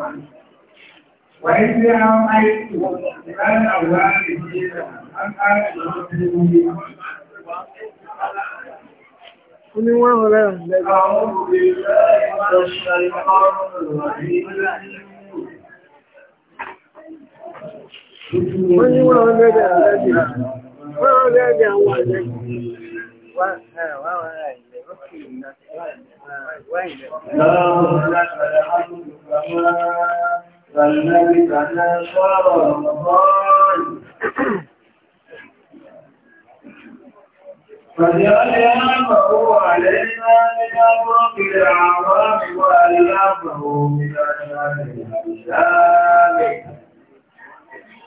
amfani wa in dai an aiki ran awwal da an ƙara da wani Kuni wọ́n rẹ̀ lẹ́gbẹ̀ẹ́. Àwọn obìnrin rẹ̀ máa ń ṣe ọmọ rẹ̀ wọ́n ní wọ́n lẹ́dẹ̀ àwọn ẹ̀dẹ̀ wọ́n lẹ́dẹ̀ àwọn ẹ̀dẹ̀ فجعل يامه علينا من أمرك الأعراب وألامه من أشهر الأشهر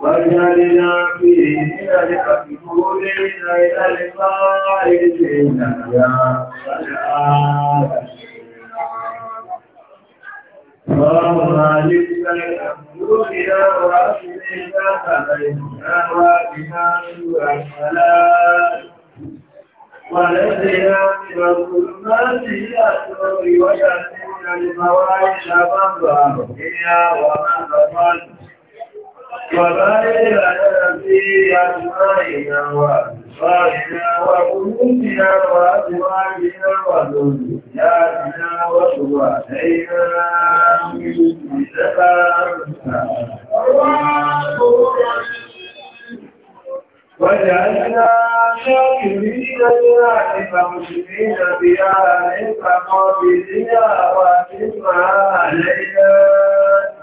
واجعلنا فيه من المقبول إلى الفائزين يا اللهم علمنا الحمد يا ربنا علينا وبنا والسلام ونزلنا من الظلمات إلى النور وجعلنا الموائد من ظهر الدنيا ومن ظهر وبارك لنا في أسمائنا وأبصارنا وقلوبنا وأزواجنا وذرياتنا وتب علينا إنك وجعلنا شاكرين لنعمك مسلمين بأهلك قابلين وأتم علينا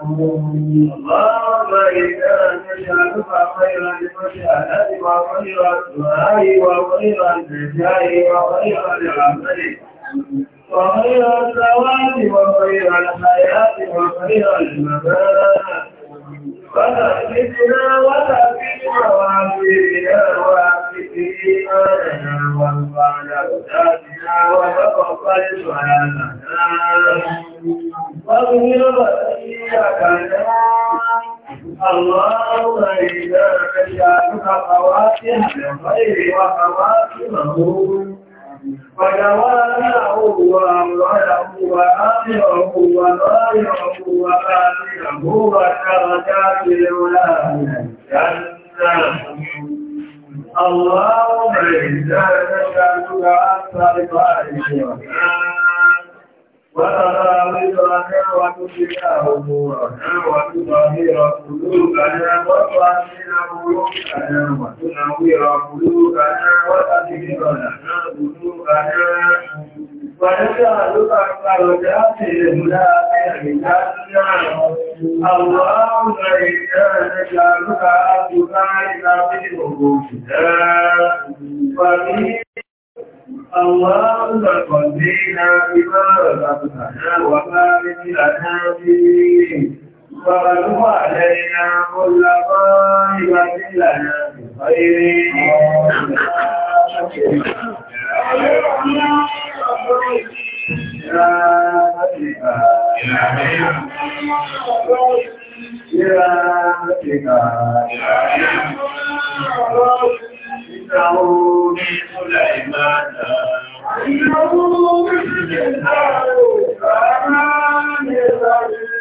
الله وخير الدعاء وخير الجزاء وخير العمل وخير الزواج وخير الحياة وخير الممات وتأتينا وتأتينا وعافينا وعافي إيماننا وارفعنا أولادنا وتقبل صلاتنا واغفر بقيتنا اللهم إنا نسألك خواتم الخير وخواتمه ودوامعه وأمره وآخره وظاهره وآخره وتركات الأولاد جنة اللهم إذا نشأتك عن طريق أهلك وتراويض حلوة كلاهما وحلوة ظهير قلوبنا وتعزل قلوبنا وتنور قلوبنا وتذكر لنا قلوبنا ونسألك فرجات المنافع جنة اللهم إنا نسألك أن تبارك في قلوبنا وفي اللهم قدينا بما رزقتنا وما من فغلوا علينا كل طائبة لنا بخير Thank you.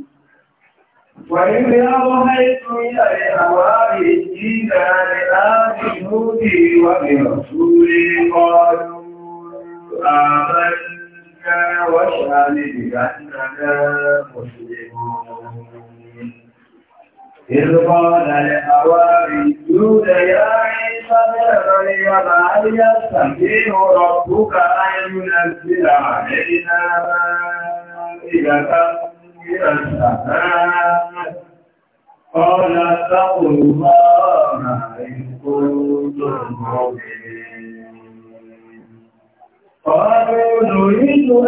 وإذ أوحيت إلى حواريين لآل هودي وبرسولي قالوا آمنا واشهد بأننا مسلمون إذ قال الحواريون يا عيسى ابن مريم هل يستطيع ربك أن ينزل علينا مائدة السماء قال اتقوا الله إن كنتم مؤمنين قالوا نريد أن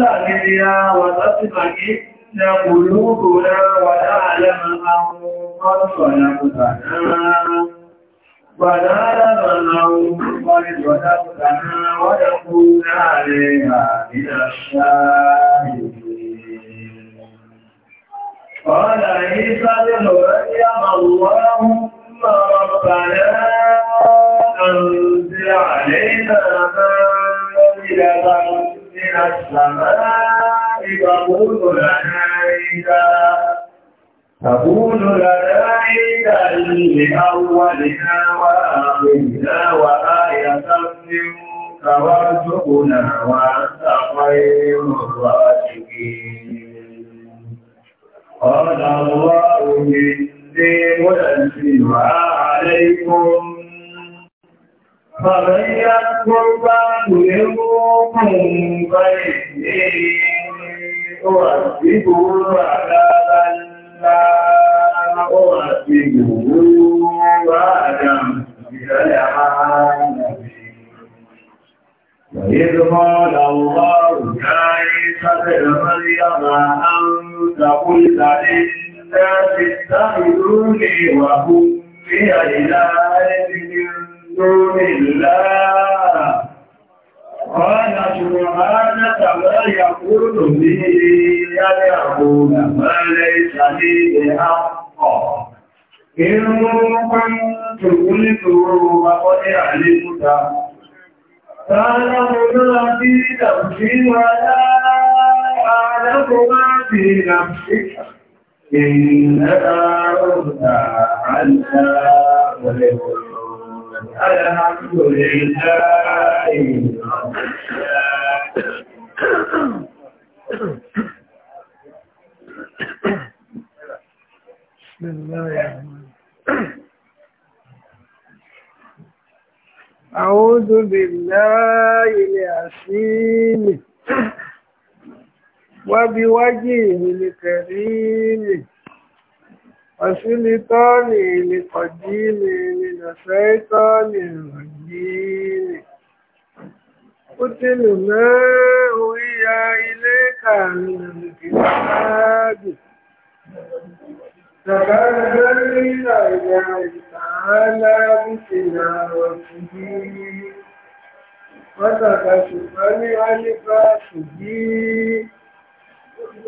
نأكل منها وتطمئن قلوبنا ونعلم أن قد صدقتنا ونعلم أن قد صدقتنا ونكون عليها من الشاهدين قال عيسى بن مريم اللهم ربنا أنزل علينا مائدة من السماء تقول لنا عيدا تقول لنا عيدا لأولنا وآخرنا وآية منك وارزقنا وأنت خير الراشدين قال الله إني منزلها عليكم فمن يكفر بعد منكم فإني أعذبه عذابا لا أعذبه آدم إذ قال الله يا عيسى ابن مريم أنت قلت للناس اتخذوني وأمي إلهي من دون الله قال سبحانك ما يقول لي أن أقول ما ليس لي بحق إن كنت قلته فقد علمته تعلم ما في نفسي ولا أعلم ما في نفسك إنك أرضى عنا الحمد لله بسم الله الرحمن الرحيم أعوذ بالله العسيم وبوجهه الكريم وسلطانه القديم من الشيطان الرجيم قتل ما أوحي إليك من الكتاب فكان ذلك الله تعالى بتلاوته وتكشفا لفاته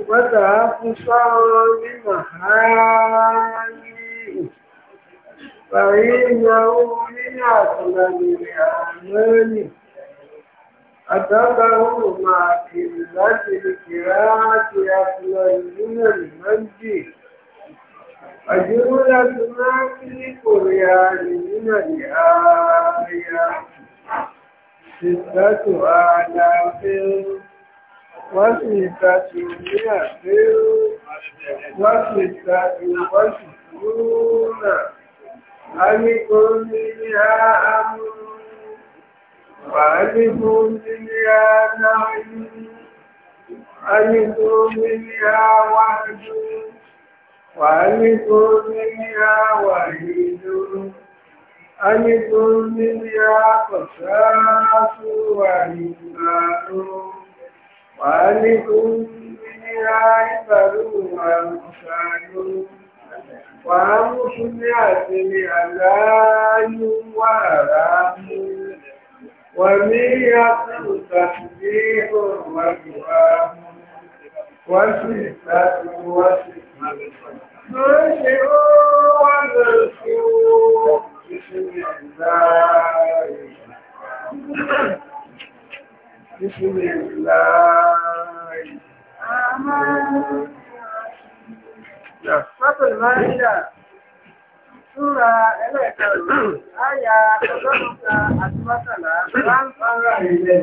وتعفصا بمحاميه فإنه من أكمل الأعمال أتبعه مع قلة القراءة أفضل من المجد الجملة ما في قريان من الآية ستة آلاف وستة مئة وستة وستون ألف منها أمر وألف منها نعي ألف منها وعد وألقوا منها وحيدوا ألقوا منها قصاص وإيمان وألقوا منها عبر وأمثال وأمس لأجل حلال وحرام ومن يقل تسبيح وكرام Àyà ọgọ́rùn-ún àti mọ́kànlá, láńpàá rà ilẹ̀.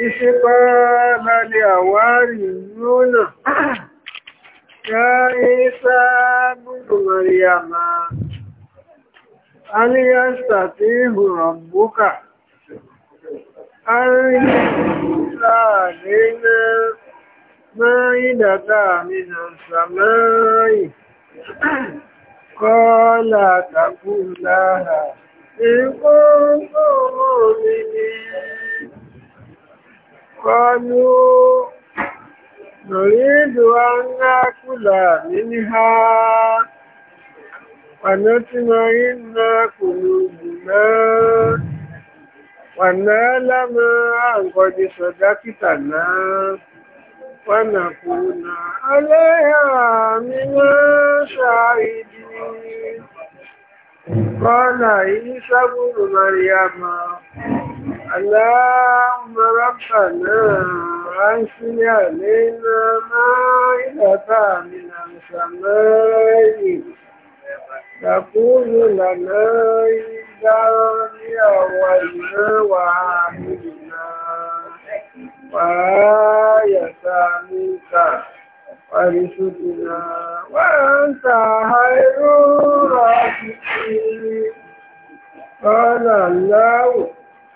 استقام لأواريون يا عيسى ابن مريم هل يستطيع ربك أن ينزل علينا مائدة من السماء قال تقول لها إن كنتم مؤمنين akụla n'ime ha. na-akụnụ na. Kwana anunọrdụa kụlhakaturikpụuwu anelaagoiso dọkịta kaapna anụhaaesarụdi knairisabụrụmara اللهم ربنا أنزل علينا مائدة من السماء تقول لنا إذا أولنا وآخرنا وآية منك وارثنا وأنت خير الراحمين قال الله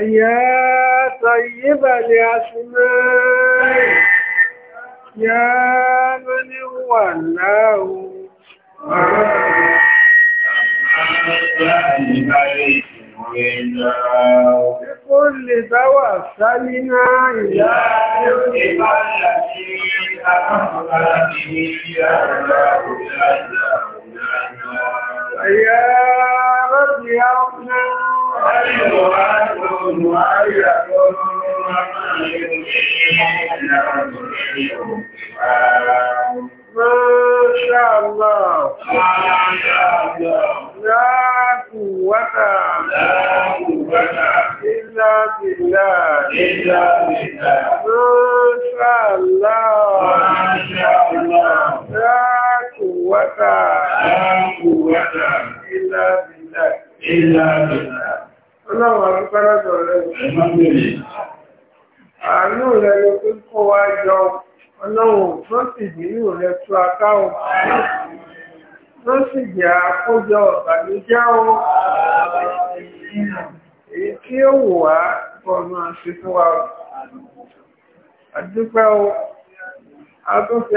يا طيب الأسماء يا من هو الله لكل توسلنا إلى حكم الذي أمر به يا رب يا رب يا رب إلا بالله Ọlọ́run àdúgbò lọ́dọ̀ rẹ̀. Àánú rẹ̀ ló fi ń kó wa jọ. Ọlọ́run tó sì bínú rẹ̀ tú akáwọ̀. Tó sì jẹ́ àkójọ ọ̀bànújẹ́ Èyí tí ó wù wá fún wa o. A tún fi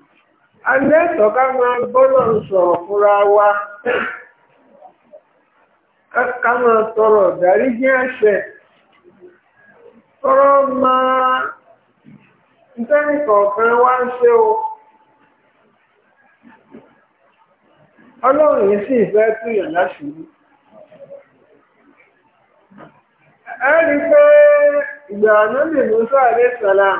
alẹ́tọ̀ ká máa bọ́lọ̀ ń sọ̀rọ̀ fúnra wa ká máa tọrọ ìdáríjì ẹ̀ṣẹ̀ tọrọ máa ntẹ́nìkọ̀ọ̀kan wá ń ṣe o ọlọ́run yìí sì fẹ́ túyàn láṣìírí ẹ rí i pé ìgbà náà lè mú sọ àdé sàlám.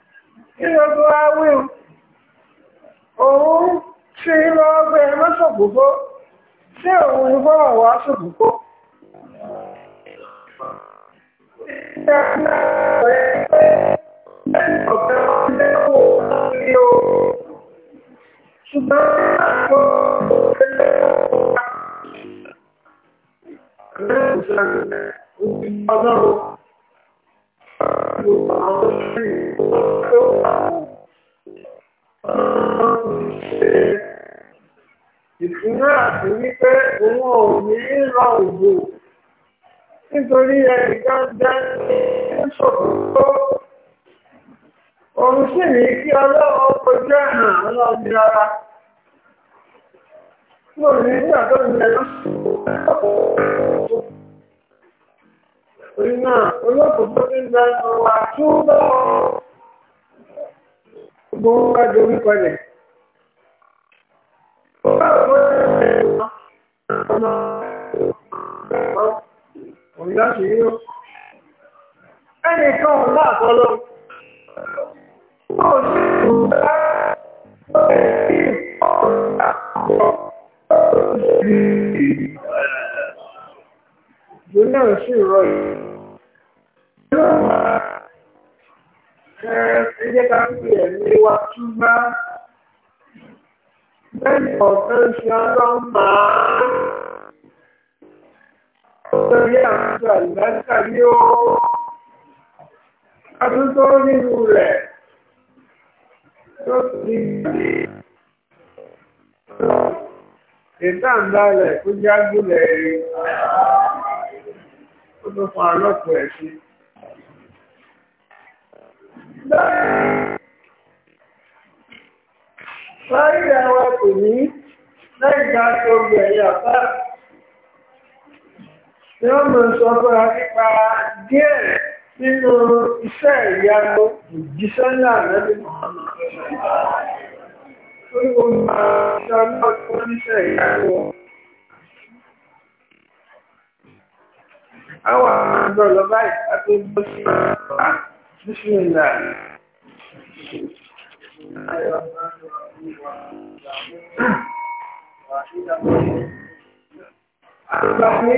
kí gbogbo wa òun tí lọ gbé mọ́sọ̀gbogbo e tí òun ní bọ́ọ̀ wá sọ̀gbogbo. Ṣùgbọ́n àwọn ọ̀rẹ́ ọ̀rẹ́ ọ̀sán ọ̀gbìn ọlọ́run. ìfúnná àti wípé òun ò ní lọ òbò nítorí ẹni dáadáa ń ṣòkòó tó òun sì ní kí ọlọ́wọ́ kojú ẹ̀hàn ọlọ́ọ̀dún ara lórí nígbà tó ń lẹ́nu Orí náà, olóòpòpó ní ìlànà wà túbọ̀ gbọ́n wá dorí kọlẹ̀. Ẹni kan ọ̀lá àtọ́lọ́. Ó sí ìgbà ọ̀rẹ́ ìpọ̀ ọ̀rẹ́ ìlú náà sì rọ ìlú náà ẹ jẹ́ ká fi ẹ̀mí wa tú bá bẹ́ẹ̀ni ọ̀kan ṣe ọlọ́mà lórí àwùjọ àlùbáṣà ní ó ọdún nínú rẹ̀ tó ti gbé ìtàǹdà rẹ̀ kó jágúlẹ̀ rí. ló fa ọlọ́pọ̀ ẹ̀ sí. Láyé àwọn kò ní lẹ́yìn ìgbà tó gbẹ̀ yàtá. Ni wọ́n mọ̀ nínú iṣẹ́ ní àwọn ọmọ ọlọ́ báyìí àti bó sí bísímìlà Àgbàmí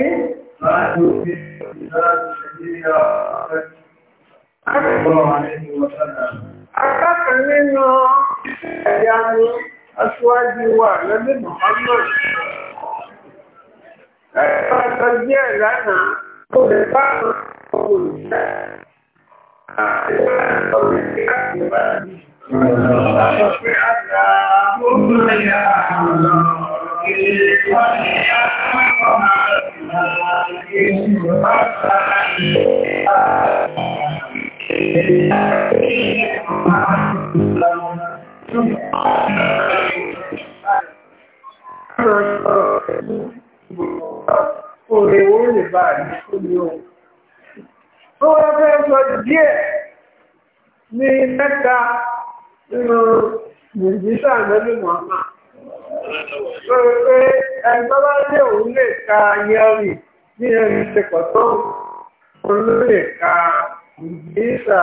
Akẹ́kọ̀ọ́ nínú ẹ̀yà ni aṣíwájú wa lọ́dún Mọ̀hánmà. Ẹ̀kọ́ ọjọ́ díẹ̀ lánàá tó lè bá àwọn olùṣẹ́ àti olùṣẹ́ àti ìwádìí. Thank you òde owó lè bá àdé tó ní o. Ó wá fẹ́ sọ díẹ̀ ní mẹ́ta nínú Nàìjíríà lọ́lú Mọ̀ọ́mà. Ó rò pé ẹgbẹ́ bá lé òun lè ka yẹ́rì ní ẹni ṣe pọ̀ tó òun ló lè ka Nàìjíríà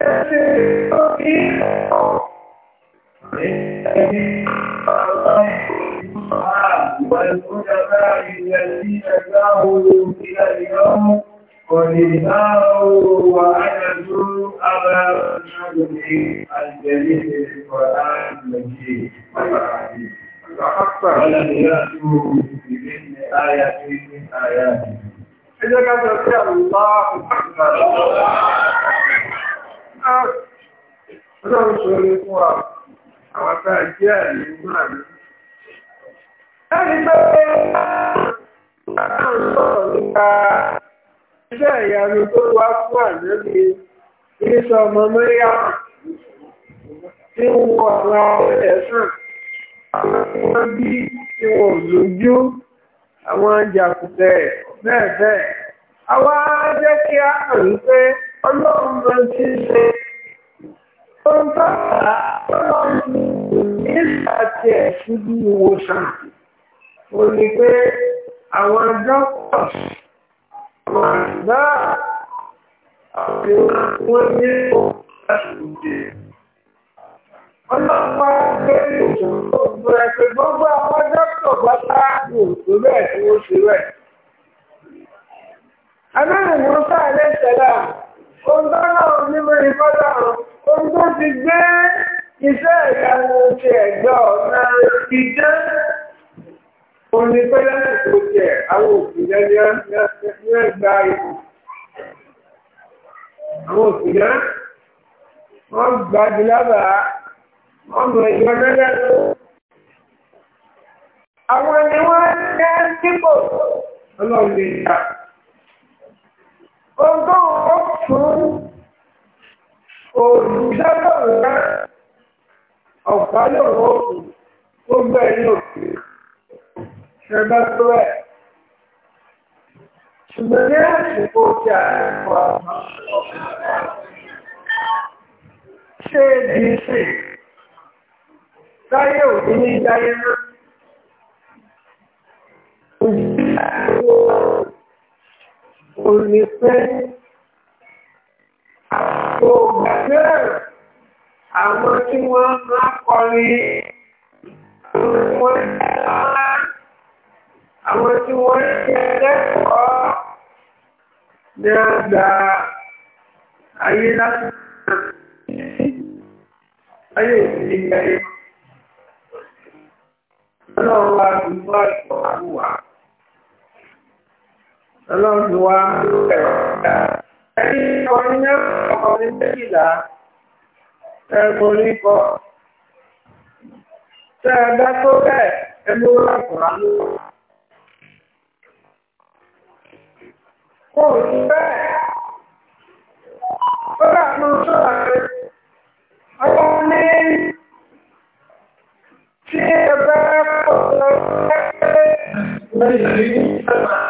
والخلفاء الذين جاءوا إلى اليوم ولله وعجزوا أبا الجليل القرآن المجيد ولم يأتوا بمثل آية من آياته إذا كان الله أكبر الله أكبر Ọlọ́run ṣorí fún wa, àwọn tá jẹ́ àyè máa ní. Ẹni pé àwọn sọ̀rọ̀ nípa iṣẹ́ ìyanu tó wá fún àjẹ́bí Iléṣọ́ ọmọ Mẹ́ríà tí ń wo àwọn ẹ̀sán, àwọn tí wọ́n bí tí wọ́n lójú, àwọn jàkùtẹ̀ bẹ́ẹ̀ bẹ́ẹ̀. Àwọn jẹ́ kí á kàn ní ọlọ́run ló ń ti ṣe tó ń tàbá ọlọ́run nígbà tí ẹ̀ síbi ìwòsàn ò ní pé àwọn doctors àwọn àgbà àwọn wọn ní ọ̀ṣunjẹ. ọlọ́pàá gbé ìṣòro tó bẹ̀rẹ̀ pé gbogbo àwọn doctor bá bá òkú bẹ́ẹ̀ tí wọ́n ṣe rẹ̀. Adáhùn Musa alẹ́ sẹ́lá. Ohun tó náà nímọ̀ ìfọ́dà ohun tó ti gbé iṣẹ́ ìyanu ti ẹ̀gbẹ́ ọ̀nà ìjẹ́ òní pé lásìkò tiẹ̀ àwọn òṣìṣẹ́ ní ẹgbà ipò. Àwọn òṣìṣẹ́ wọ́n gbàdú lábàá wọ́n mọ ìjọ mẹ́lẹ́. Àwọn ni wọ́n ń jẹ́ sípò ọlọ́run lè yà ogún ṣé èdè ṣe táyé òbí ní ìdáyé náà. òun ni pé ògbà náà àwọn tí wọ́n máa kọrin wọ́n dára àwọn tí wọ́n ṣe lẹ́kọ̀ọ́ ní àgbà ayé láti ayé ìgbẹ̀rẹ̀ ọlọ́run wa dùn mọ́ ìpọ̀ àwùwà ọlọ́run wá ẹni ọ̀nà ọkùnrin méjìlá ẹgbẹ̀rún kọ tẹ́ ẹ bá tó bẹ́ẹ̀ ẹ ló wà kùrá ló. kò sí bẹ́ẹ̀ ó bá tún sọ̀rọ̀ rẹ̀ ọkọ ní tí ẹ bá pọ̀ lọ sí ẹgbẹ́.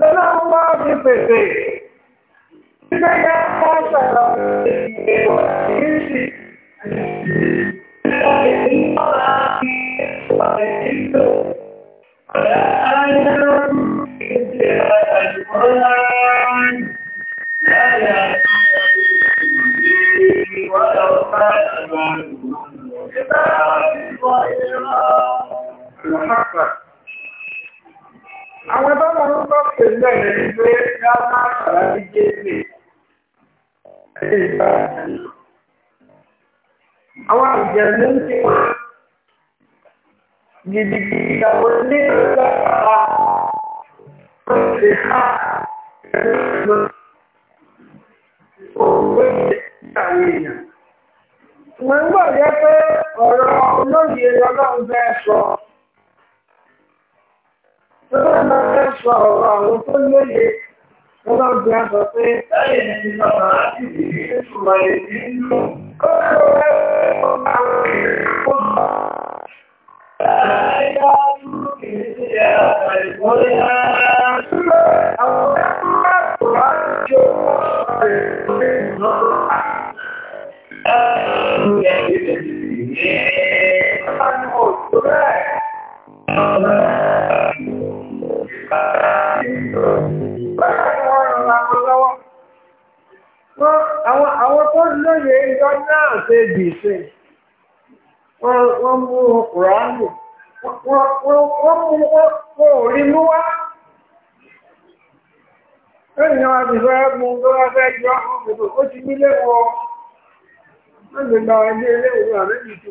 lọ́nà wá fi pèsè nígbà yá wá sọ̀rọ̀ ìgbèrò ìrísí Thank you. àwọn ẹgbẹ́ wọn ń tọ́ pẹ̀lú ẹ̀rẹ́ ní pé ní a máa ṣàrá ní jésù ẹ̀yìn ìgbà àwọn àjẹ́ ló ń tí gidigidi ìyàwó ní ìgbà àpá ṣe ká ẹ̀rọ òwe ìyàwó èèyàn. Mo ń gbọ́ yẹ pé ọ̀rọ̀ olóyè lọ́lọ́run fẹ́ sọ. Tọ́lá máa ń sọ ọ̀rọ̀ àwọn tó lóye. Tọ́lá bí a sọ pé ẹ̀yìn ti lọ́wọ́ láti ìdí ìṣùmọ̀ èdè nínú. Kọ́lá àwọn èèyàn kó bá. Ẹ̀yà dúró kìí ṣe ẹ̀rọ ìgbóni rárá. Àwọn ẹ̀kọ́ tó wá jó ọ̀rẹ́ ìgbóni rárá. Ẹ̀yà ìgbésí. Ẹ̀yà ìgbésí. Àwọn tó lóye ìjọ náà ṣe dìíṣe, wọ́n mú Kùránì, wọ́n mú wọ́n orí mú wá. Ènìyàn àti fẹ́ tó wá fẹ́ jọ ọmọ òkú, ti nílé wọ, ó lè ilé ti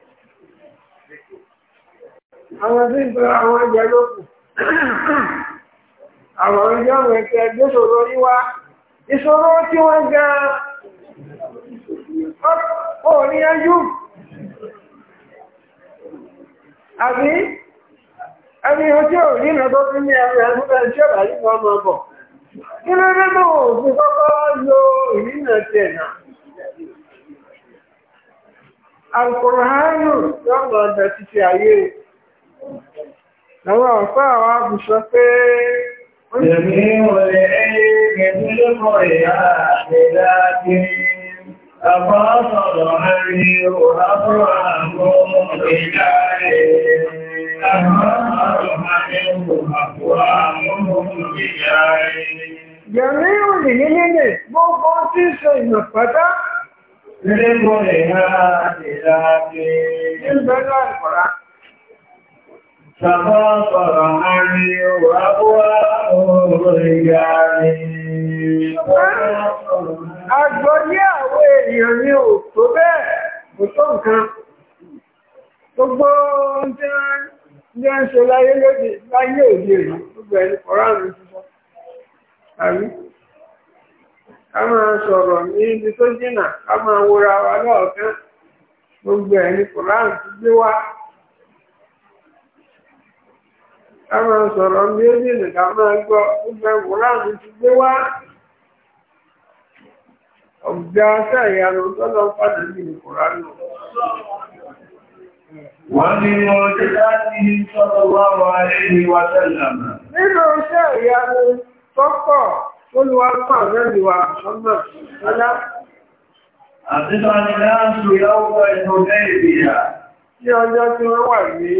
àwọn tí ń tọrọ àwọn ẹgbẹ́ lókù àwọn ọjọ́ mẹ́tẹ́ gbéṣòro yíwá ìṣòro tí wọ́n ga orí ẹjú àbí ẹni ojú òní ìrìnà tó fi ní ẹ̀rọ ẹ̀fúnfẹ́ iṣẹ́ ìbàlí kan mọ́ bọ̀ kí ló dé mọ́ òfin kọ́kọ́ lo ìrìnà tẹ̀ náà Alkùnrin hánù lọ́gbọ̀n ọ̀dọ̀ títí ayé Àwọn ọ̀fẹ́ àwọn àbùsọ pé Èmi wọlé ẹ̀yẹ́ tí ló mọ̀ ìyá àdìdá kí àbọ̀ sọ̀rọ̀ àrí òhàbọ̀ àmọ́ ìdá nílé gbogbo tí ṣe ìyànpátá Ilé mọ̀ ìyá àdìdá kí. Ìbẹ̀rẹ̀ àkọ̀rá. تغافر عني وأبواب الرجال Àgbọ́yé àwọn èèyàn ní ò tó bẹ́ẹ̀, tó nǹkan. Gbogbo tí ń ṣe láyé lóde láyé gbogbo ẹni Àrí, ká máa sọ̀rọ̀ ní ibi tó jìnà, ká máa wúra wa lọ́ọ̀kán, gbogbo ẹni ká máa sọ̀rọ̀ méjìlì ká máa gbọ́ gbogbo kùránì ti gbé wá ọ̀gá sẹ́yàrá tọ́lọ́ padà ní kùránì. Wọ́n ní wọ́n ti láti sọ́rọ̀ wá wà ní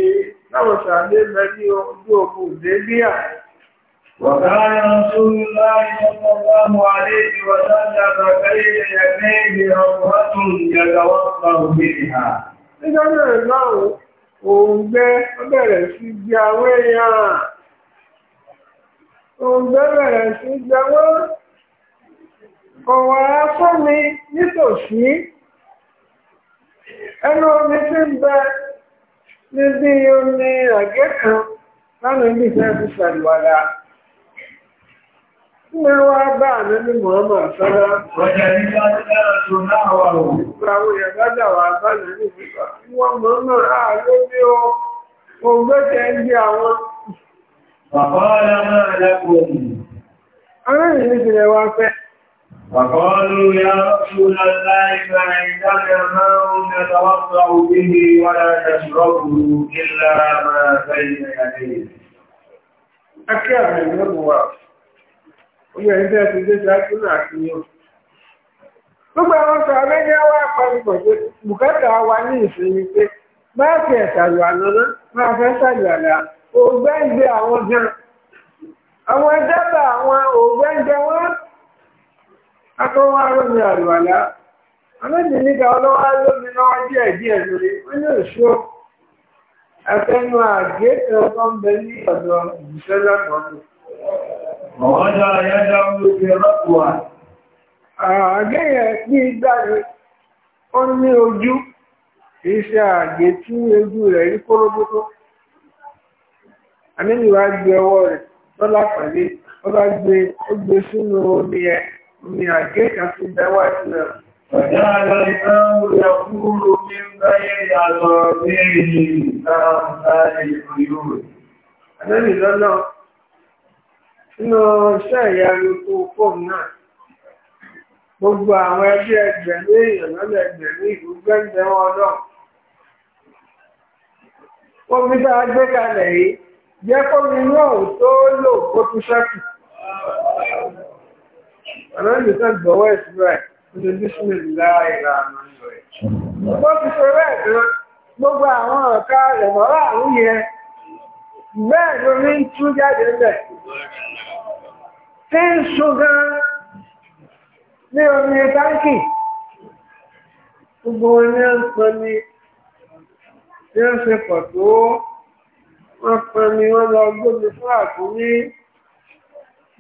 láwọn ṣàdé mẹ́ ní ojú òkú débíà. وكان رسول الله صلى الله عليه وسلم بين يديه روضة يتوضأ منها. Nígbà náà náà òǹgbẹ bẹ̀rẹ̀ mi Ẹnu omi ti ń bẹ níbi omi ọ̀gẹ́ kan láwọn ibi fẹ́ fi ṣàlùwàlà Ní wá bá àmì ní Muhammad sọ́lá. Ọjọ́ ìgbà tí lára tó náà wà ó. Ìgbàwó ìyàgbádà wà bá lórí ìfipá. Wọ́n Muhammad àà ló ní o, ògbẹ́jẹ ń bí àwọn. وقالوا يا رسول الله فعندنا ماء نتوضا به ولا نشربه الا ما بين يديه akẹ́rẹ̀ ìlẹ́bù wa oyè ẹgbẹ́ ti dé ṣáájú náà kí yóò gbogbo àwọn sọ abẹ́jẹ́ wá pàdùpọ̀ pé bùkátà wa ní ìsinmi pé máa fi ẹ̀sàlù ànáná máa fẹ́ sàlù àlá ògbẹ́ǹgbẹ́ àwọn gan àwọn dábàá àwọn ògbẹ́ǹgbẹ́ wọn akọ́wọ́ arómi àlùwàlá anábì níta ọlọ́wọ́ lómi náà díẹ̀ díẹ̀ lórí wọ́n ní òṣù ga àgé ẹ̀kọ́ mgbe bẹ ọzọ ọ̀dọ̀ ìbùsẹ́ lápapọ̀. ọ̀wọ́dà ayájá ló من حقيقة دواتنا فجعل الإمام يقول من بين أصابعه كأمثال الخيول Àdẹ́bì lọ́nà nínú iṣẹ́ ìyanu tó fóòm náà, gbogbo àwọn ẹgbẹ́ ẹgbẹ̀rún èèyàn lọ́nà ẹgbẹ̀rún ìlú gbẹ́ǹdẹ̀ wọn náà. Ó fi bá gbé kalẹ̀ yìí, jẹ́ kó mi náà tó lò kó tún ṣẹ́kù ọlọ́run kan gbọ́wọ́ ẹ̀sùn rẹ̀ ní bísímì lára ìlà àmà rẹ̀. wọ́n ti sọ bẹ́ẹ̀ tán gbogbo àwọn ọ̀ka ìmọ̀ra àrùn yẹn bẹ́ẹ̀ ló ní tú jáde ńbẹ̀. tí ń sun gan ní omi táǹkì gbogbo wọn ní ń pọn ní ní ń ṣe pọ̀ tó wọ́n pọn ní wọ́n lọ gbómi fún àkúrí.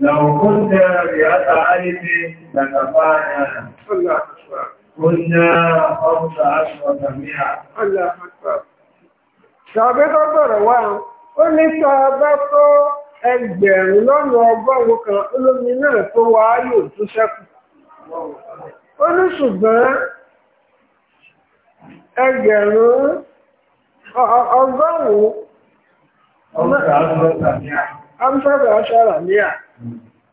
لو كنت مئة ألف لكفانا الله أكبر كنا خمس عشرة مئة الله أكبر tàbí tó bọ̀rọ̀ wá ó ní tó ẹgbẹ̀rún lọ́nà ọgọ́rùn kan olómi náà tó wá yóò tó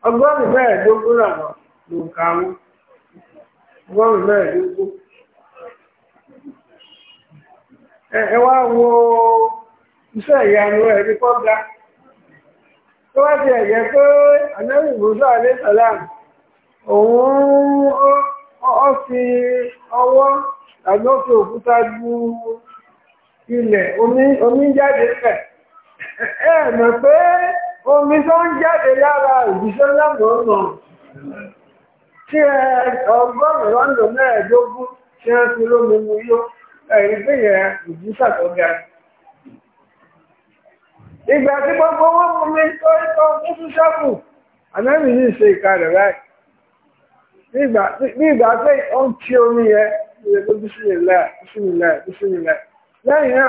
ọgọ́rùn-ún mẹ́ẹ̀ẹ́dógún làwọn ló ń ka wọn ọgọ́rùn-ún mẹ́ẹ̀ẹ́dógún. ẹ wá wo iṣẹ́ ìyanu ẹ̀ ní kọ́gá tó wá ti ẹ̀jẹ̀ pé ànábì musa alẹ́sàlám òun ó fi ọwọ́ tàbí ó fi òkúta ju ilẹ̀ omi jáde pẹ̀ ẹ mọ̀ pé. Omi tó ń jáde lára ìbíṣẹ́ lámọ̀ọ́nà tí ẹ ọgọ́rùn-ún lọ́ndọ̀ tí wọ́n fi lómi mu yó ẹ̀rí pé yẹn ìbísà tó ga. Ìgbà tí gbogbo wọn mú mi tó ikọ̀ fúnfún yìí ṣe ìka rẹ̀ Lẹ́yìn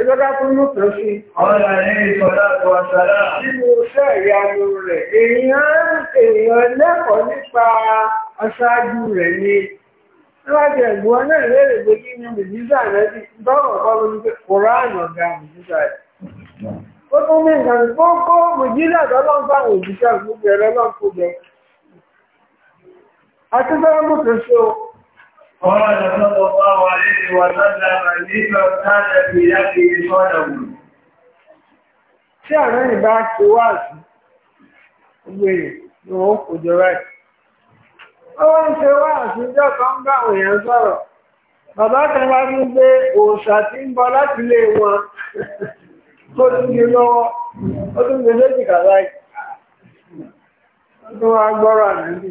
Ẹjọ́dá fún mú tó sí. Ọ̀rọ̀ ní ìṣọ́lá tó ọ̀ṣọ́lá. Nínú iṣẹ́ ìyanu rẹ̀, èèyàn èèyàn lẹ́kọ̀ọ́ nípa aṣáájú rẹ̀ ni. Láti ẹ̀gbọ́n náà lérè pé kí ni Bìjísà rẹ̀ ti bọ́rọ̀ bọ́rọ̀ ní pé Kòránù ọ̀gá Bìjísà rẹ̀. Ó tún ní nǹkan tó kó Bìjísà tọ́lọ́n bá òjìṣẹ́ gbogbo قال صلى الله عليه وسلم لمن كان في يده صنم tí àwọn ìbá ti wá sí gbogbo èèyàn ni wọn kò jọ báyìí ó wá ń ṣe wá àṣíjọ́ kan bá àwọn èèyàn sọ̀rọ̀ bàbá kan wá ní pé òòṣà tí ń bọ̀ láti lé wọn tó tún gbé lọ́wọ́ ó tún gbé lójìkà báyìí ó tún wá gbọ́rọ̀ ànábì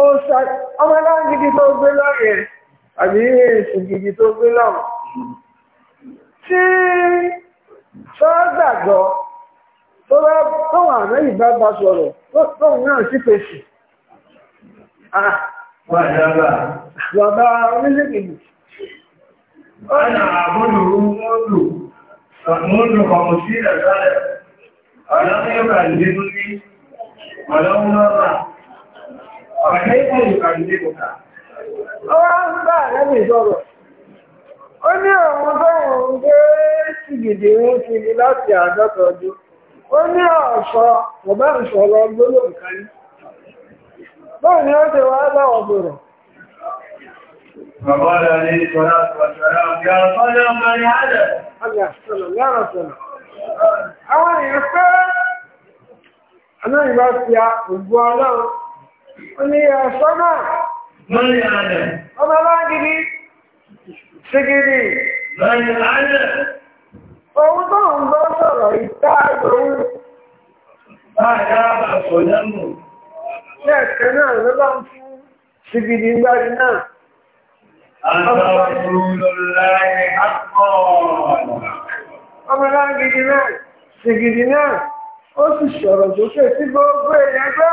ó sọ ọmọ náà gidi tó gbé lọ́rẹ̀ àbí èsì gidi tó gbé lọ́rùn tí sọ́gbàgbọ́ tó bá tóun ìgbà bá sọ̀rọ̀ tóun náà sì fèsì bàbá oníṣègìdì ọ̀nà àbúrò mọ́lù mọ́lù kọmọ sí ẹ̀sálẹ̀ ọ̀lọ́mọ́ onye ń bá àrẹ́mì sọ̀rọ̀. Ó ní láti àádọ́ta ọdún. Ó ọ̀ṣọ́, kò Bọ́ọ̀ ni ó ti wá láwọ̀ bọ̀rọ̀. Bàbá rẹ̀ ní ìṣọ́lá ni ní ẹ̀ṣọ́nà mọ́lẹ̀ ààrẹ ọmọ aláàgìdì ṣígìdì mọ́lẹ̀ ààrẹ ohun tó ń bọ́ sọ̀rọ̀ ìtaàgbòhun báyá àfòyẹ́mù lẹ́ẹ̀kẹ́ náà ló bá ń fún ṣígìdì gbárí náà Ọmọ aláàgìdì náà, ṣìgìdì ó sì sọ̀rọ̀ sókè tí gbogbo èèyàn gbọ́.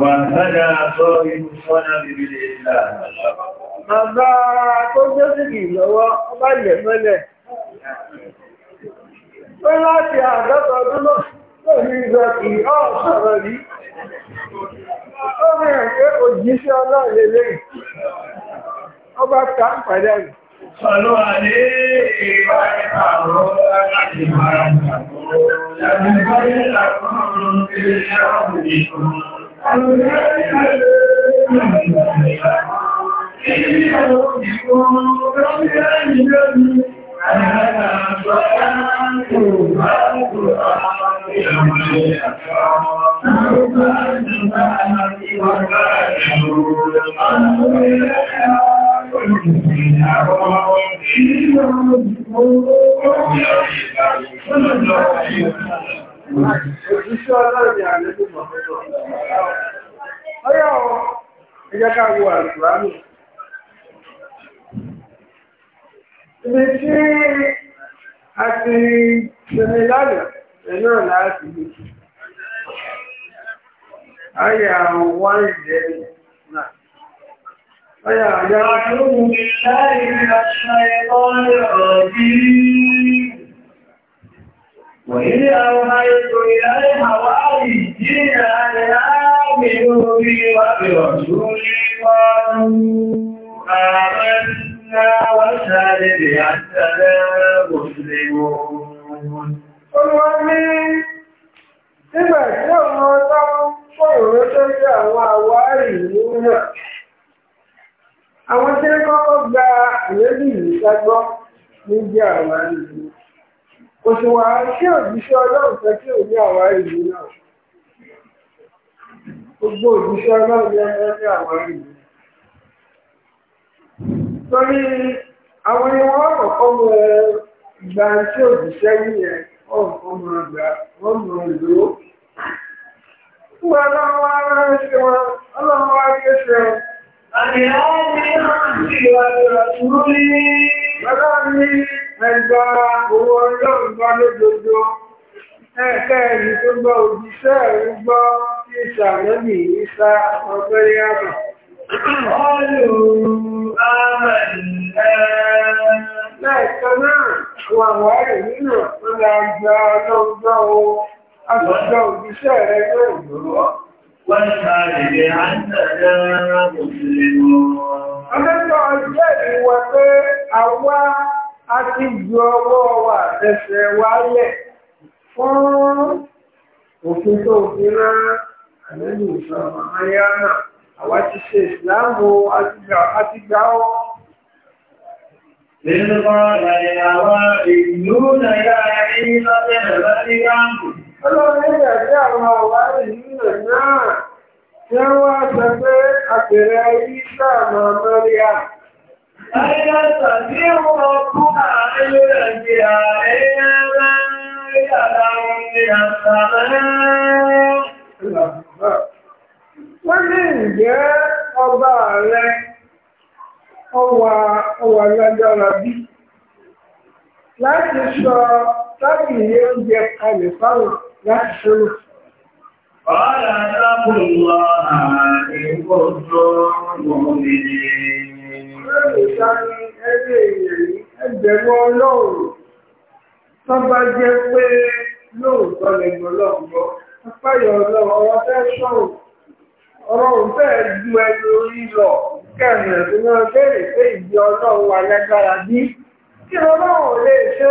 Wàhálà tó jẹ́ síkì lọ́wọ́, ọba yẹ̀ mẹ́lẹ̀. Ó láti àdọ́ta ọdún náà, ó ní ìgbà kì í ọ̀ sọ̀rọ̀ rí. Ó mẹ́rin pé òjíṣẹ́ ọlọ́rẹ̀ lẹ́yìn. Ọba ta ń pàdánù. صلوا عليه وارحموا أجمع لم يكن لكم في حرمكم Thank you. Òṣìṣẹ́ ọlọ́rin àlejò أعوذ بالله من الشيطان الرجيم وإذ أوحيت إلى الحواريين أن آمنوا بي وبرسولي قالوا آمنا واشهد بأننا مسلمون. Ọlọ́run nígbà tí ọmọ ọlọ́run fọ̀rọ̀ lọ́jọ́ sí àwọn àwárí ìlú náà. àwọn tí wọ́n kọ́kọ́ gba ìrẹ́lì yìí ní bí àwọn ike òṣùwọ̀n òjíṣẹ́ ọlọ́run fẹ́ kí òní àwọn náà gbogbo òjíṣẹ́ ọlọ́run ní àwọn torí àwọn ni wọ́n kọ́kọ́ mọ tí òjíṣẹ́ yìí Àdìyàn ní ọ̀sí ìwàjọ̀rọ̀ tún rí lọ́lọ́ ní ẹgbà owó ọjọ́ ìgbà lójoojọ́. Ẹ̀kẹ́ ẹ̀yí tó gbọ́ òjíṣẹ́ ẹ̀rí gbọ́ sí ìṣàlẹ́bì ìṣà ọgbẹ́ yàrá. Ọlùrù àmàlì ẹ̀ẹ́ lẹ́ẹ̀kan náà wà wáyé nínú ọ̀pọ̀lọpọ̀ ọjọ́ ọjọ́ òjíṣẹ́ ẹ̀rẹ́ gbọ́ والحالي أننا مسلمون Ọjọ́ ọjọ́ ìwọ̀n pé àwa a ti ju wa ẹsẹ̀ wálẹ̀ fún òfin tó fi rán àlẹ́lù ìṣọ́mà ayára àwa ti ṣe ìsìláàmù àti gbà ọ́. Lẹ́nu kan rẹ̀ àwa ìlú náírà ẹni lọ́tẹ̀lẹ̀ lọ́tẹ̀lẹ̀ Ọlọ́run nígbà tí àwọn àwárí nínú náà tí wọ́n sọ pé àpẹẹrẹ Ìsá máa mọ́ríà. Láyé sọ ní wọn kú àárín ẹ̀jẹ̀ àárín ẹ̀rẹ́ ìyàrá orin àtàrẹ́. Wọ́n ní ìjẹ́ ọba rẹ̀ ọwà lágbára bí láti sọ tábìlì oúnjẹ kalẹ̀ fáwọn láti ṣọ́lù. Ọ̀rọ̀ àdábùnlọ́ Tọ́bá jẹ́ pé fẹ́ ju ẹni orí lọ, kẹrin ẹ̀dùn náà bẹ́rẹ̀ pé ìdí ọlọ́run wà lágbára bí, kí ọlọ́run lè ṣe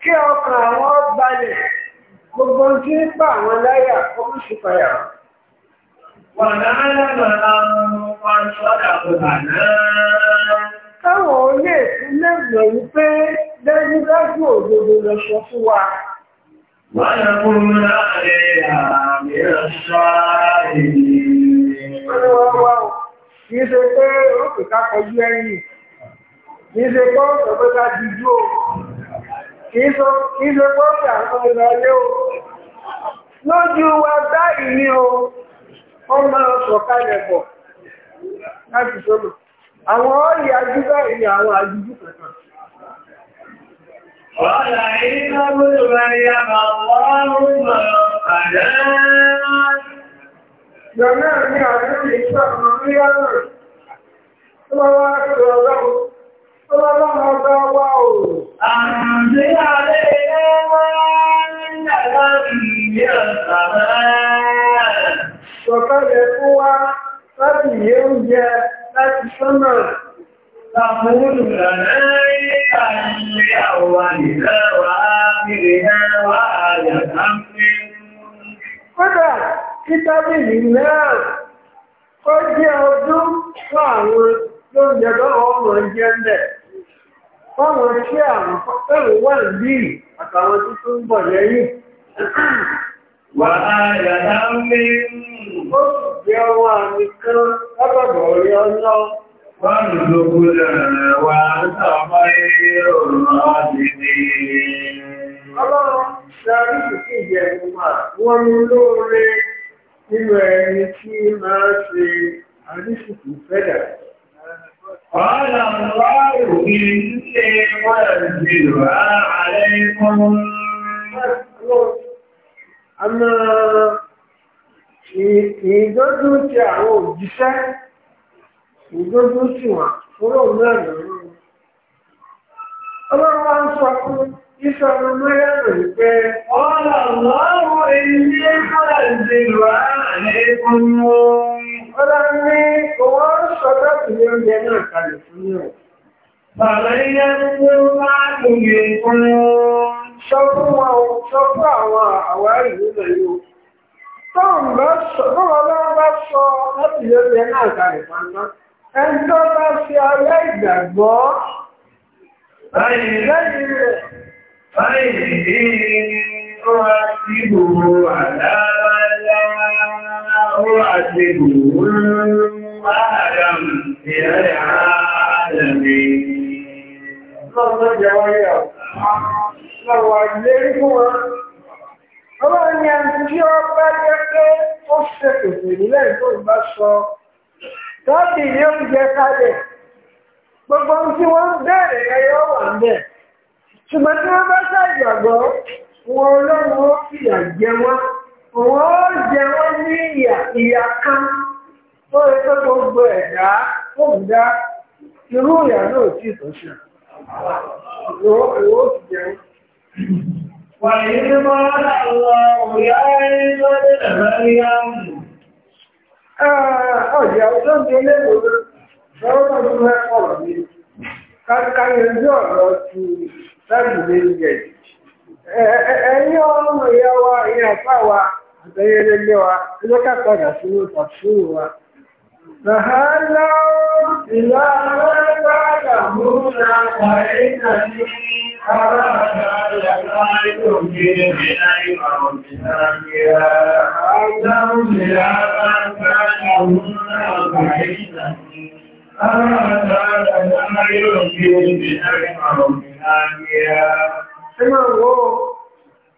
kí ọkàn àwọn gbalẹ̀ gbogbo tí ń pa àwọn láyà ọmọ ṣùpáyà. Káwọn olè fún lẹ́gbẹ̀ wípé dájúdájú òdodo lọ sọ fún wa. Wọ́n yẹ kó láàrin àmì ẹ̀ṣọ́ kìí ṣe pé ó kìí ká kọjú ẹ̀yìn, kìí ṣe pé ó kọjú ká kìí ṣe pọ́ọ̀tà ọ̀rẹ́lẹ́ o lójú wa báyìí ní o ọmọ ọ̀sọ̀kalẹ̀ bọ̀ láti sọ́lọ̀ àwọn ọ̀yà ajúgbà ìyà àwọn ajúgbù kẹta Wọ́la iná gbogbo ẹ̀yà àwọn ọ̀rọ̀. أنزل علينا منا من السماء وقد قوى قد يوجد قد سمر تقول لنا إن لأولنا وآخرنا وآية منك kódà kítábìlì náà ó jẹ́ ọdún fún àwọn tó ń jẹ́ lọ́wọ́ ọmọ jẹ́ mẹ́rin fáwọn ṣé àwọn pẹ̀lú wà bí àtàwọn tó tó ń bọ̀ lẹ́yìn. Wà á yàrá ó jẹ́ ọwọ́ àmì kan lábàbọ̀ orí ọlọ́. Wọ́n lò ó wà ń sàmọ́ ilé àdìdì. قال الله إني منزلها عليكم أما ìdójú ti àwọn òjíṣẹ́ ìdójú ti wà fúrò mẹ́rin rú ọlọ́run ń sọ fún ìṣọ́run mẹ́rin rí pé ọlọ́run àárín Ọlá ní owó ṣọ́tọ́ sí ní oúnjẹ náà kalẹ̀ fún yóò. Bàbá ilẹ̀ mú láàrín ìgbẹ̀kùn sọ fún àwọn àwárí nílẹ̀ yóò. Tọ́wọ́n bá sọ láti lórí ẹ̀nà àgbàrẹ̀ pàtàkì. Ẹni tó bá fi ọlẹ́ ìgbàgbọ́ lẹ́yìn rẹ̀. Báyìí ní ó wá وأسلموا آدم إلى العالمين lọ́wọ́ jẹ́wọ́lé ọ̀. Lọ́wọ́ ilé fún wọn. Ọlọ́run ni ẹni tí ó bá jẹ́ pé ó ṣe pèsè ìlẹ́ ìbò ìbá sọ. Tọ́bì ni ó ń jẹ kalẹ̀. Gbogbo ohun tí wọ́n ń bẹ̀rẹ̀ ẹyọ wà ń bẹ̀. Ṣùgbọ́n wọn wọ́n jẹ wọ́n ní ìyà ìyà kan tó rẹ pé gbogbo ẹ̀dá irú ìyà náà tí tó ṣe ìwọ́ ti jẹun. Wàyí máa ń lọ òyà ẹni lọ́dẹ̀ ń ọ̀rọ̀ mi. ọ̀rọ̀ ti jẹ. ọmọ ìyá ẹ̀yẹ lélé wa ilé kàkọ́dà sí ní ìtàṣírò wa. Nàhálà ìlà alágbàdà múra àìnà ní aráàlá yàrá ìlòkè ìrìnà ìmọ̀ ìdánilá. Àdáhùn ìlà alágbàdà múra àìnà ní aráàlá yàrá ìlòkè ìrìnà ìmọ̀ ìdánilá. Ẹ máa wọ́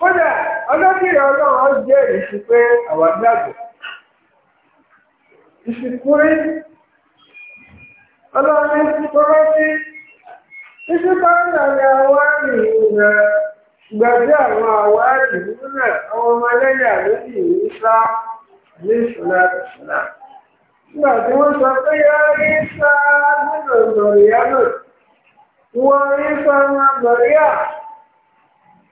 kódà ọlọ́kìrì ọlọ́run jẹ́ ìṣupé àwọn gbàgbọ́ ìṣìkúrí ọlọ́run ìṣìkúrọ́ sí ìṣúkọ́ ìlànà àwọn ìrìnà gbàgbé àwọn àwárí nínú àwọn ọmọlẹ́yìn àlójì yìí sá ní ìṣúná ìṣúná nígbà tí wọ́n sọ pé yá rí sá nínú ìrìnà ìyá wọ́n rí sá ní àgbọ̀ríyà.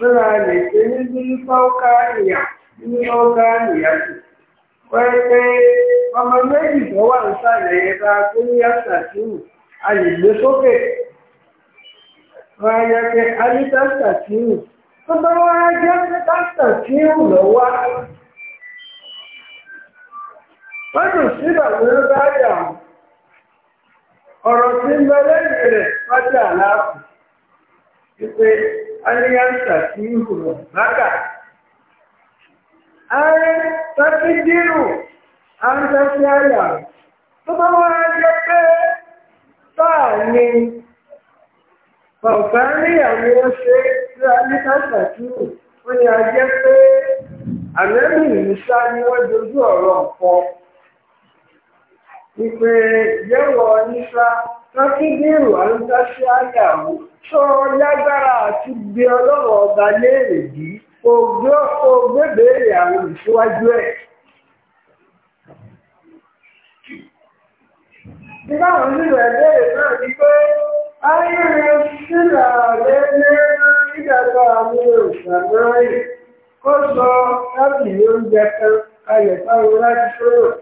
muna na ṣe ní ọ́gáàyà sí. wọ́n pé ọmọ méjì tó wà nísàlẹ̀ tó ní a lè gbé sókè. wọ́n á yẹ tó bá wá jẹ́ pípa ṣàtìmù lọ́wọ́. wọ́n tún síbà ní ọ́gáàyà aliyansa tí ìhùwà náà ààrẹ tàbídírù àǹtàṣí àyà tó bá wọ́n jẹ́ pé táà ní ọ̀gá níyàwó ó ṣe tí a ní tàbídírù ó ní a jẹ́ pé àmẹ́bìnrin sá ni wọ́n dojú ọ̀rọ̀ ọ̀pọ̀ wípé ìjẹ́wọ̀ nípa lọ́kídìrú àrùntàṣí àyàwó tó lágbára àti gbé ọlọ́wọ́ ọba léèrè bí ògbébèrè àwọn ìṣíwájú ẹ̀. Nígbà nílò ẹ̀bẹ̀rẹ̀ náà ni pé ayẹyẹ sílà lẹ́lẹ́ nígbàgbọ́ àwọn òṣàmọ́ rẹ̀ kó sọ láti oúnjẹ kan kalẹ̀ fáwọn láti sọ̀rọ̀.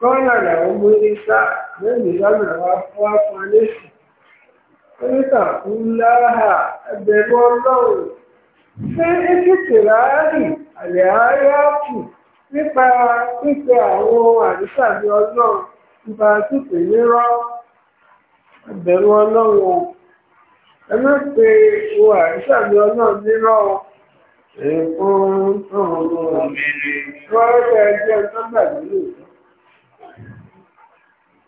kọ́ńtà làwọn gbélé sá lẹ́yìn lọ́nà wá wá fún alẹ́sì kọ́ńtà kú láhà ẹgbẹ̀rún ọlọ́run ṣé ètùtù ráàlì àlẹ́ àáyáàpù bi ẹ má pe o.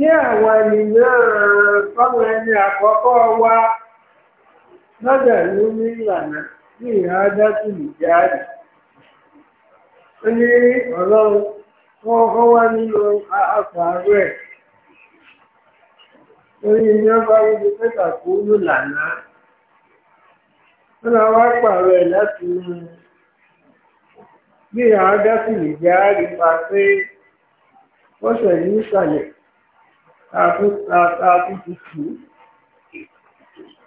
ní àwọn ènìyàn fáwọn ẹni àkọ́kọ́ wa lọ́dọ̀ ìlú ní ìlànà ní ìhà dájú ìjáde. ó ní ọlọ́run wọ́n kọ́ wá nínú àpààrọ̀ ẹ̀. orí iná bá wíbi pẹ́tà kú ló lànà. wọ́n wá pààrọ̀ ẹ̀ láti mú bí ìhà dájú pa pé wọ́n ìsàlẹ̀. àtútù.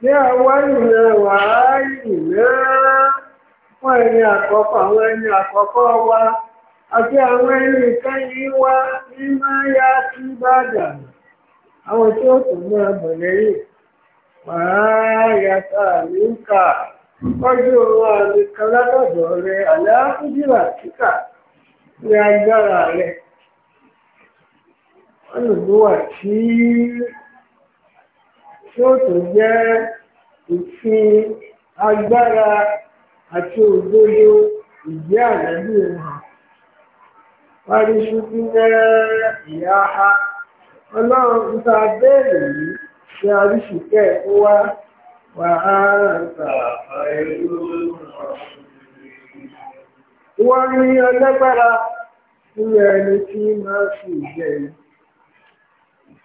Ní àwọn ìrìn wà á ìrìn fún ẹni àkọ́kọ́ àwọn ẹni àkọ́kọ́ wa àti àwọn ẹni ìkẹ́yìn wa ní máa yá sí Ìbàdàn. Àwọn tí ó tún máa bọ̀ lẹ́yìn wà á sáà ní kà. Ọjọ́ òun àmì kan látọ̀dọ̀ rẹ̀ ní agbára rẹ̀. olùdúwà tí yóò tó jẹ́ òfin agbára àti òdodo ìjẹ́ ànábì hàn paríṣubú náà ìyá ha ọlọ́run ń ta yìí ṣe àríṣìkẹ́ ẹ̀kọ́ wá wàhálà ń ta ẹ̀rọ wọ́n ní ọlọ́gbára ẹni tí máa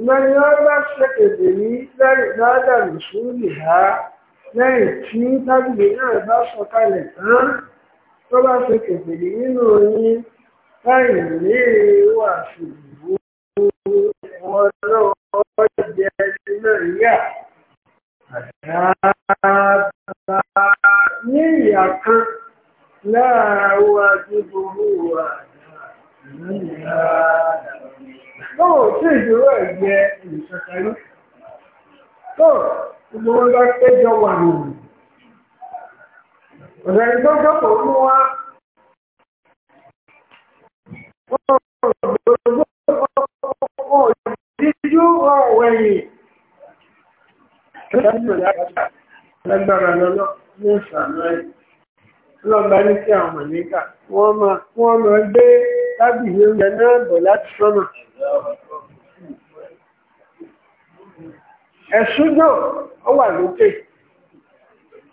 ìmọ̀ni wọn bá ṣèkèdè ní lẹ́yìn dáadáa sùúrù ha lẹ́yìn tí tábìlì náà bá sọ̀kalẹ̀ tán tó bá ṣèkèdè nínú oyin láì ní ìwà ṣùgbọ́n wọn lọ́wọ́ jẹ iná yíyà àdáàbà ní ìyà kan láàárọ̀ àdúgbò wà ní ìyá àdá lóòrùn sí ìdúró ẹ̀jẹ̀ olùsọ̀kẹ́lú. tó gbogbo wọn bá péjọ ní ìsàmì. Wọ́n máa gbé tábìlì oúnjẹ náà bọ̀ láti sọ́nà. ẹ̀sùn náà ó wà lókè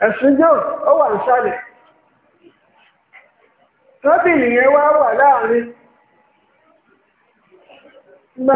ẹ̀sùn náà ó wà nísàlẹ̀ tábìlì yẹn wá wà láàrin bá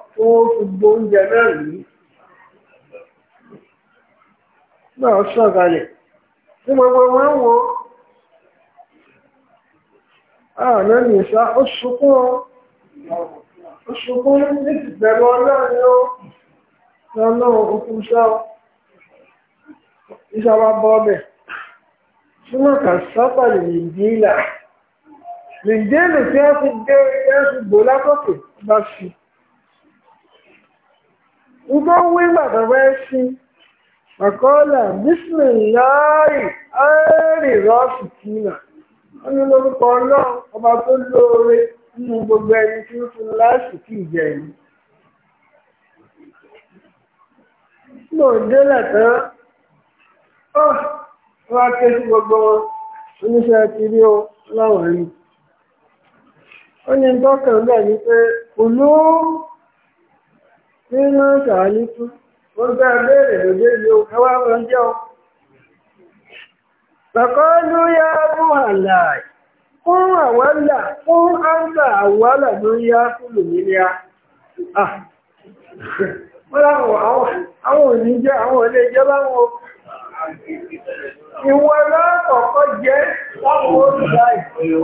ó fi gbóúnjẹ náà rí náà sọ̀kalẹ̀ tí gbogbo wọn ń wo àná nìṣá ó sunkún ó sunkún ní ìbẹ̀rù ọlọ́run ó lọ́nà òkú sọ ìṣàwà bọ́ọ̀bẹ̀ súnmọ́ kà sábàlì nìdílà nìdílù tí wọ́n fi gbé ẹ̀sùn gbò bá sí ngọnwe bàbá sí ọ̀kọ́ọ̀là bísmìláì áàrì rọ́ọ̀sì tìǹà wọ́n ní lórúkọ náà ọba tó lóore nínú gbogbo ẹni tí ń fún láàṣì kì í jẹ délẹ̀ tán ó wá ké sí gbogbo oníṣẹ́ láwọn N'ime ìtàlí fún ó gbá béèrè lóde ìlú ẹwà wọn jẹ́ ọ. yá àlà fún àwọ́là fún àǹtà àwọ́là ló yá àwọn àwọn jẹ́ lọ́kọ̀ọ́kọ́ jẹ́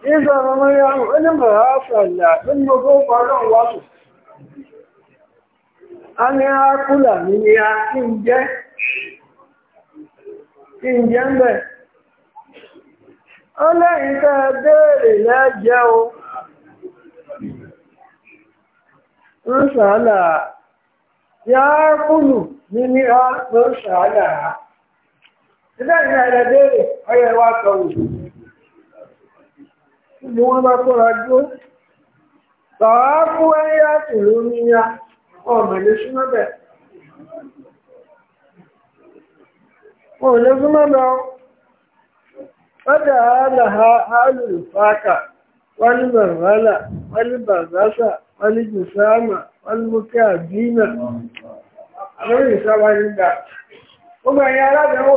Isa na ya onye mara afọ na nnukwu mkpọrọ mwapụ. A ní ni a kí n ha kí n jẹ́ ń bẹ̀. Ó lẹ́yìn tá ya béèrè lẹ́jẹ́ o. Ń sàálà yá ápùlù mi ni a gbogbo wọn bá kọ́ra jó tààfù ẹ̀yà tìlú níyà ọmọ ilé súnmọ́ bẹ̀. wọn ò lè súnmọ́ bẹ̀ ọ́ fẹ́dà àádà alùfáàkà wọ́n ní bàbálà wọ́n ní bàbáṣà wọ́n ní jùsáàmà wọ́n ní bókẹ́ àdínà lórí ìsáwá nígbà gbogbo ẹ̀yà alábẹ̀wò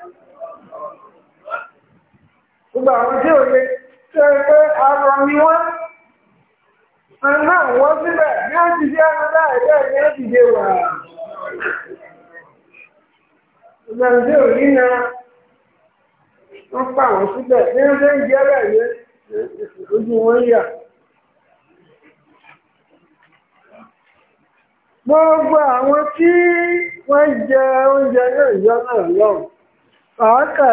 gbogbo àwọn tí ò lè ṣe pé arọ ni wọ́n ẹ̀nà wọ́n síbẹ̀ ní ó ti jẹ́ ẹ̀nà láìpẹ́ ní ó ti jẹ́ wà. gbogbo àwọn tí na wọ́n pa àwọn síbẹ̀ ní ó ń jẹ́ ojú wọn yà. gbogbo àwọn tí wọ́n jẹ oúnjẹ náà yọ náà pàákà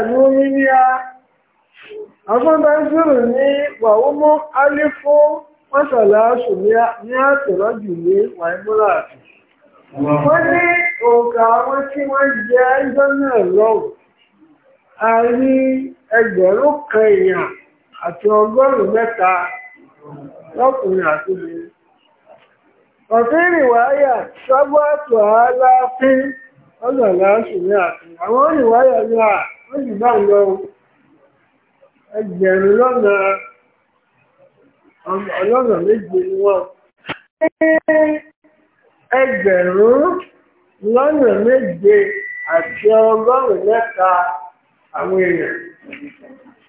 afọ́ndájúrù ní wàhúmú alífó mọ́sàlásù ní àtẹ̀rọ jù ní wàímúra àti wọ́n ní òǹkà wọn tí wọ́n jẹ́ ẹjọ́ lọ́wọ́ a rí ẹgbẹ̀rún kan èèyàn àti ọgọ́rùn mẹ́ta lọ́kùnrin àti ẹgbẹ̀rún lọ́nà ọlọ́nà méje ni wọ́n ẹgbẹ̀rún lọ́nà méje àti ọgọ́rùn-ún mẹ́ta àwọn èèyàn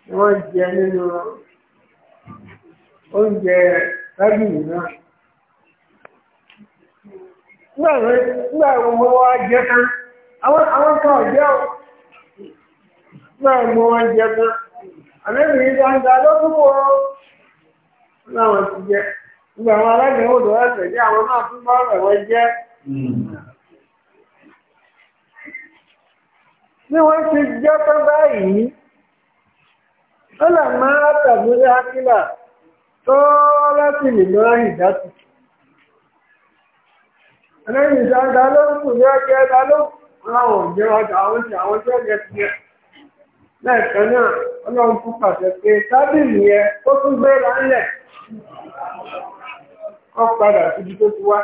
ni wọ́n jẹ nínú oúnjẹ tábìlì náà. Nígbà gbogbo wa jẹ tán, àwọn kan ọ̀jẹ́ ò. Nígbà gbogbo wa jẹ tán. àlẹ́bí yìí dáa ń da lọ́dúnkù ọ́ láwọn ti jẹ́ gbogbo àwọn aládùn odò ẹ̀sẹ̀ jẹ́ àwọn náà tún bá ọ̀rọ̀ wọn jẹ́ bí wọ́n ti jẹ́ tó báyìí ó là máa tàbí ọjọ́ lẹ́ẹ̀kan náà ọlọ́run tún pàṣẹ pé tábìlì yẹn ó tún gbé padà wá.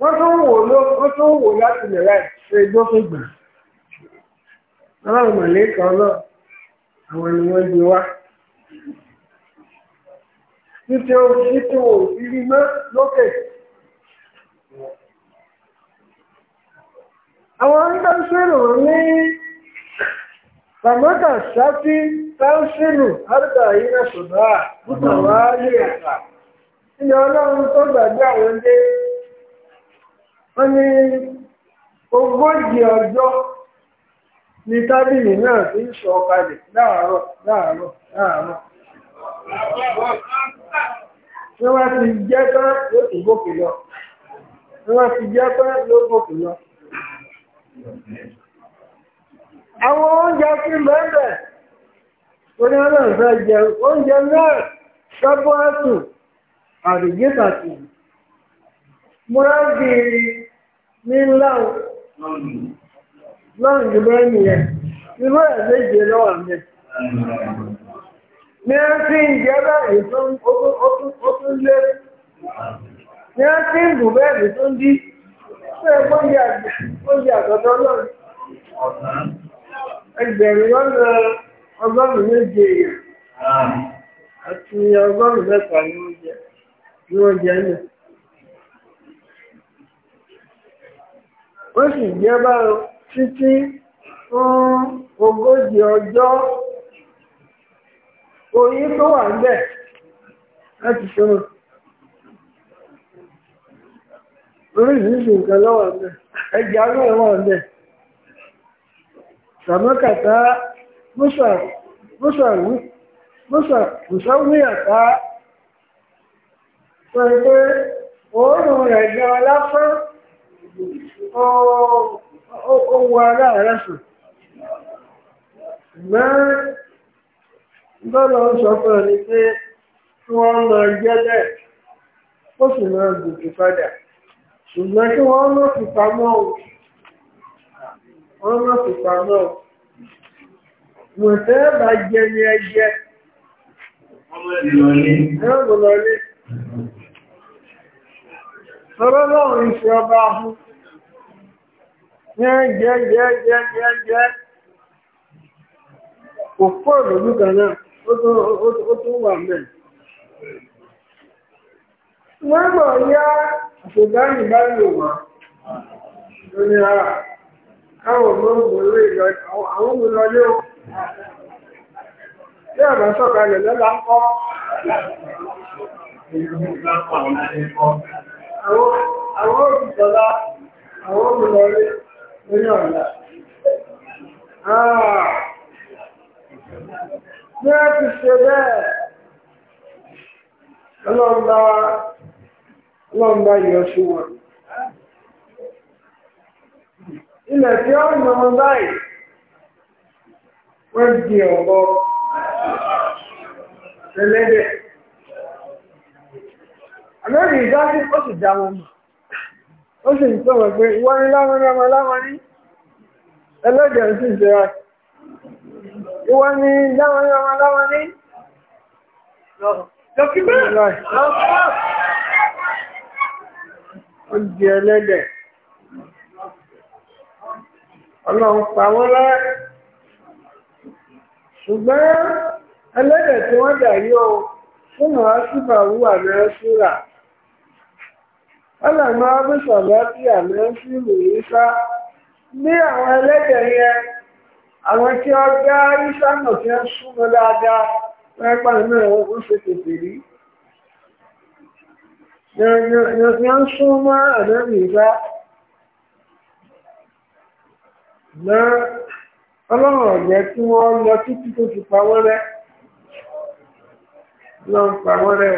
wọ́n tó ń wò láti lè rẹ̀ ṣe gbófin gbà. ọlọ́run mọ̀lẹ́ kan náà àwọn ni wọ́n wá. títí o títí o mọ́ lókè. àwọn ní. Fàmọ́kà ṣáfí táúṣìlù àrùgbà yìí náà ṣùgbọ́n à púpọ̀ wá lè ẹ̀ka. Ilẹ̀ ọlọ́run tó gbàgbé àwọn dé, wọ́n ní ogójì ọjọ́ ni tábìlì náà fi ń sọ ọ̀kalẹ̀ láàárọ̀ láàárọ̀ láàárọ̀. Ní wọ́n ti jẹ́ tán ló ti gòkè lọ. Ní wọ́n ti jẹ́ tán ló gòkè lọ. àwọn oúnjẹ tí mẹ́rẹ̀ orí ọlọ́ọ̀fẹ́ jẹ oúnjẹ náà sọ́bọ́ọ̀tù àrùgbẹ́sàtì múrábìrì ní lọ́rùn lẹ́yìn ẹ̀ irú ẹ̀ méje lọ́wọ́ mi ní ẹ́ tí ń jẹ́ bẹ́ẹ̀ tó ń lé ní ẹ́ tí ń bù bẹ́ẹ̀ tó ń dí pé oúnjẹ ẹgbẹ̀rún lọ́nà ọgọ́rùn-ún méje èèyàn àti ọgọ́rùn-ún mẹ́ta ni wọ́n jẹ ni wọ́n jẹ náà. wọ́n sì jẹ́ báyọ̀ títí fún ogójì ọjọ́ oyin tó wà níbẹ̀ láti sọ́nà. oríṣiríṣi nǹkan lọ́wọ́ ọ̀bẹ ẹja náà wà سمكتا مصر مصر mọ́sà mùsàmúyàtá sọ pé oòrùn rẹ̀ jẹ́ ọláfán owó ara rẹ̀ sùn ṣùgbọ́n ni pé kí wọ́n máa jẹ́ bẹ́ẹ̀ ó sì máa gòkè padà ṣùgbọ́n kí wọ́n mọ̀ fipamọ́ wọ́n má fi pamọ́ Wọ́n fẹ́ bá jẹ ní ẹjẹ́. Ọmọ ìlọlé. ìṣẹ́ ọba ahùn. Yẹ́ jẹ́ Kò pọ̀ lójú kan ó tún wà mẹ́rin. Wọ́n mọ̀ yá àṣògbá ìbá lò Lónìí ara. Ah, káwọn ọmọ ìlọ àwọn olùlọlé o tí ọ̀nà sọ̀kalẹ̀ ń kọ́ àwọn olùsọ̀lá àwọn olùlọlé lórí ọ̀la ah. bí wọ́n ti ṣe bẹ́ẹ̀ ọlọ́mbà yọ̀ sí ilẹ̀ tí ó ń yọmọ báyìí wọ́n di ọ̀bọ lẹ́lẹ́dẹ̀. àmọ́rin ìdájú ó sì dá wọn mọ̀ ó sì ń sọ̀rọ̀ pé wọ́n ní láwọn ní ọmọ láwọn ní ẹlẹ́dẹ̀ ń sì jẹra ìwọ́n ní láwọn ní ọmọ láwọn ní lọ́kí ọlọ́run pa wọ́n lára ṣùgbọ́n ẹlẹ́dẹ̀ tí wọ́n dà yóò fún àásùbà wúwà náà síra ọlọ́mọ abúṣọ̀lọ́ sí àmì sílù ìṣá ní àwọn ẹlẹ́dẹ̀ yẹn àwọn tí ó gbá ìṣá náà tí ó súnmọ́ dáadáa pápá náà wọ́n ṣe tètè rí ni wọ́n súnmọ́ ànábì ìṣá náà ọlọ́run ọ̀jẹ́ tí wọ́n lọ títí tó fi pa wọ́n rẹ́ lọ ń pa wọ́n rẹ́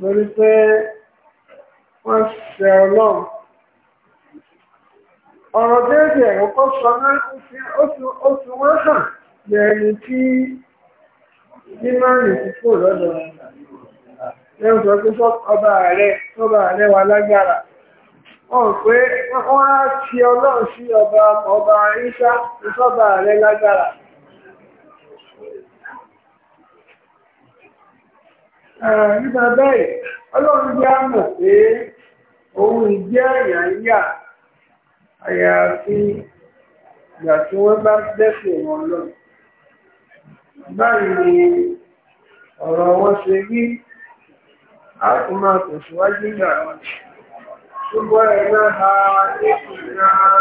lórí pé wọ́n ṣe ọlọ́run ọ̀rọ̀ déédéé ẹ̀rọ kọ́ sọ náà ó fi wọ́n hàn ní ẹni tí nímọ̀rìn ti kúrò lọ́dọ̀ ẹ̀ ń sọ pé ọba ààrẹ ọba ààrẹ wa lágbára ọ̀n pé wọ́n á fi ọlọ́run sí ọba ọba ìṣá ìṣọ́ba rẹ lágbára. nígbà bẹ́ẹ̀ ọlọ́run jẹ́ àmọ̀ pé òun ìjẹ́ àyà ń yà àyàfi ìgbà tí wọ́n bá dẹ́sẹ̀ wọn lọ. báyìí ni ọ̀rọ̀ wọn ṣe rí a kò máa tẹ̀síwájú ìgbà wọn. gbogbo ẹ̀ náà